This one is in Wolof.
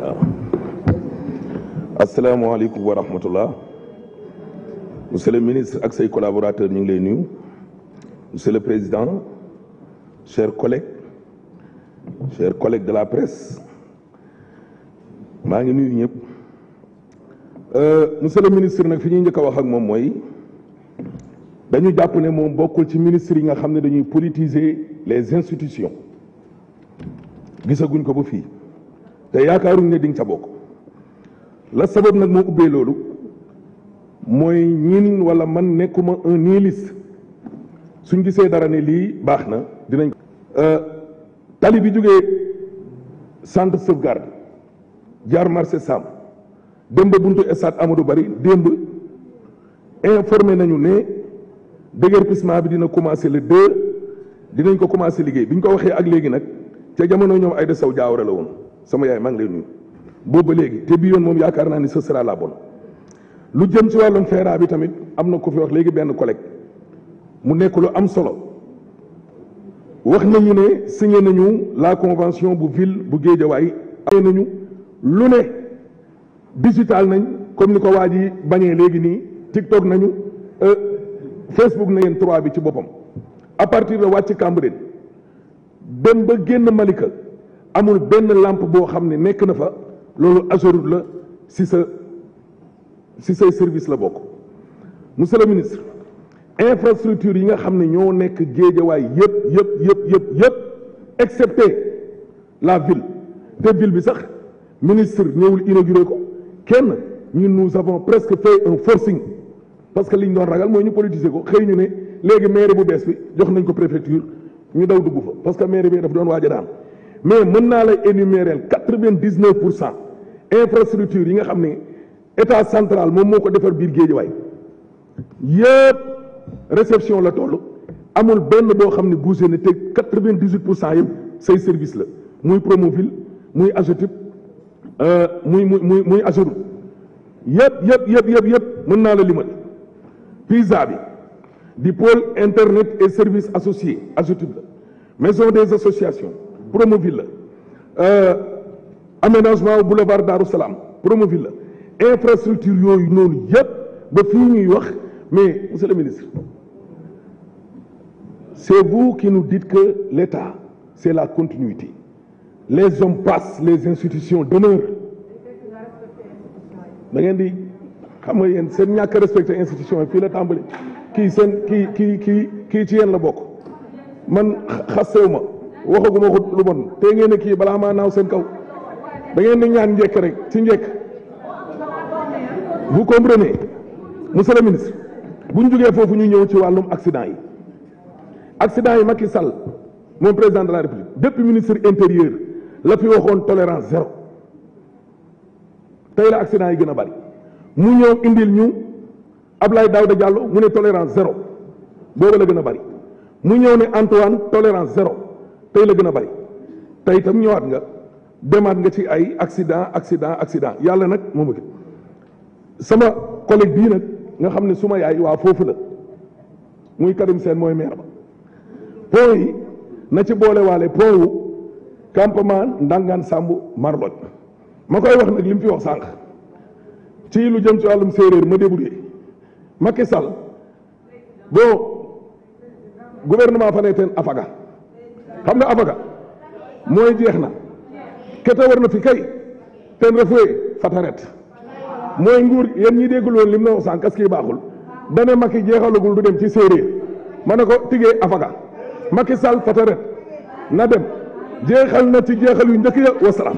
waaw asalaamaaleykum wa rahmatullah monsieur le ministre ak say collaborateurs ñu ngi lay nuyu monsieur le président chers collègues chers collègues de la presse maa ngi nuyu ñëpp euh, monsieur le ministre nag fi ñuy njëkk a wax ak moom mooy dañu jàpp ne moom bokkul ci ministre yi nga xam ne dañuy politiser les institutions gisaguñ ko ba fii te yaakaaruñ ne di nga ca bokk la sabab nag moo ubbee loolu mooy ñin walla man nekkuma un nihiliste suñ gisee dara ne lii baax na dinañ euh, tali bi jógee centre sauvegarde jaar marché Sam dem ba buntu stade Amadou bari démb informé nañu ne déguerpissement bi dina commencé le deux dinañ ko commencé liggéey bi ñu ko waxee ak léegi nag ca jamono ñoom Aïda Sow Diawara la woon sama yaay maa ngi lay nuyu boobu ba léegi te bi yoon moom yaakaar naa ni ce sera la bonne lu jëm ci wàllum feeraa bi tamit am na ko fi wax léegi benn collègue mu nekk lu am solo wax nañu ne signé nañu la convention bu ville bu Guédiawaye amee nañu lu ne digital nañ comme ni ko waa yi bañee léegi nii TikTok nañu euh, Facebook na yeen trois bi ci boppam à partir de wàcc Cambérène dem ba génn Malika amul benn làmp boo xam ne nekk na fa loolu Ageroute la si sa si say service la bokk mu monsieur le ministre infrastructure yi nga xam ne ñoo nekk géejawaay yëpp yëpp yëpp yëpp yëpp excepté la ville te ville bi sax ministre ñëwul inauguré ko kenn ñu nous avons presque fait un forcing parce que li ñu doon ragal mooy ñu politiser ko xëy ñu ne léegi mairie bu bees bi jox nañ ko préfecture ñu daw dugg fa parce que mairie bi daf doon waaj a daan mais mën naa lay énumérer quatre-vingt-dix-neuf pour cent infrastructure yi nga xam ne état central moom moo ko defar biir Géejawaay yëpp réception la toll amul benn boo xam ne bougé na te quatre-vingt-dix-huit pour cent yëpp say service la muy Promoville muy Agetip euh, muy muy muy muy Ageroute yëpp yëpp yëpp yëpp yëpp mën naa la limal PISA bi di pôle internet et service associés Agetip la maison des associations Promoville la euh, aménagement boulevard Darou Salaam Promoville la infrastructure yooyu noonu yëpp ba fii ñuy wax mais monsieur le ministre c'est vous qui nous dites que l'État c'est la continuité les hommes passent les institutions demeurent da ngeen di xam nga yéen seen ñàkk respecté institution fii la tàmbali kii seen kii kii kii kii ci yéen la bokk man xasew ma waxaguma ko lu bon te ngeen ne kii balaa maa naaw seen kaw da ngeen di ñaan njëkk rek ci njekk bu comprenez mu le ministre bu ñu foofu ñu ñëw ci wàllum accident yi accident yi Macky sal moom président de la république depuis ministre intérieur la fi waxoon tolérance zéro tey la accident yi gën a bari mu ñëw indi ñu Ablaye Daouda Diallo mu ne tolérance zéro boobu la gën a bari mu ñëw ne Antoine tolérance zéro. tey la gën a bari tey itam ñëwaat nga demaat nga ci ay accident accident accident yàlla nag moom ak sama collègue bii nag nga xam ne su ma yaay waa foofu la muy Karim Sène mooy maire ba pont na ci boole waale pont wu campement Ndangaan Samb Marloj ma koy wax nag li mu fi wax sànq ci lu jëm ci wàllum séeréer ma débrouillé Macky Sall boo gouvernement fa ne teen afaga xam nga abaga mooy jeex na kete war na fi kay ten refuye fataret mooy nguur yéen ñi déggul woon lim na wax sànq kas kii baaxul dane Macky jeexalagul du dem ci séeréer ma ne ko tigee afaga Macky Sall fataret na dem jeexal na ci jeexal njëkk ya wasalaam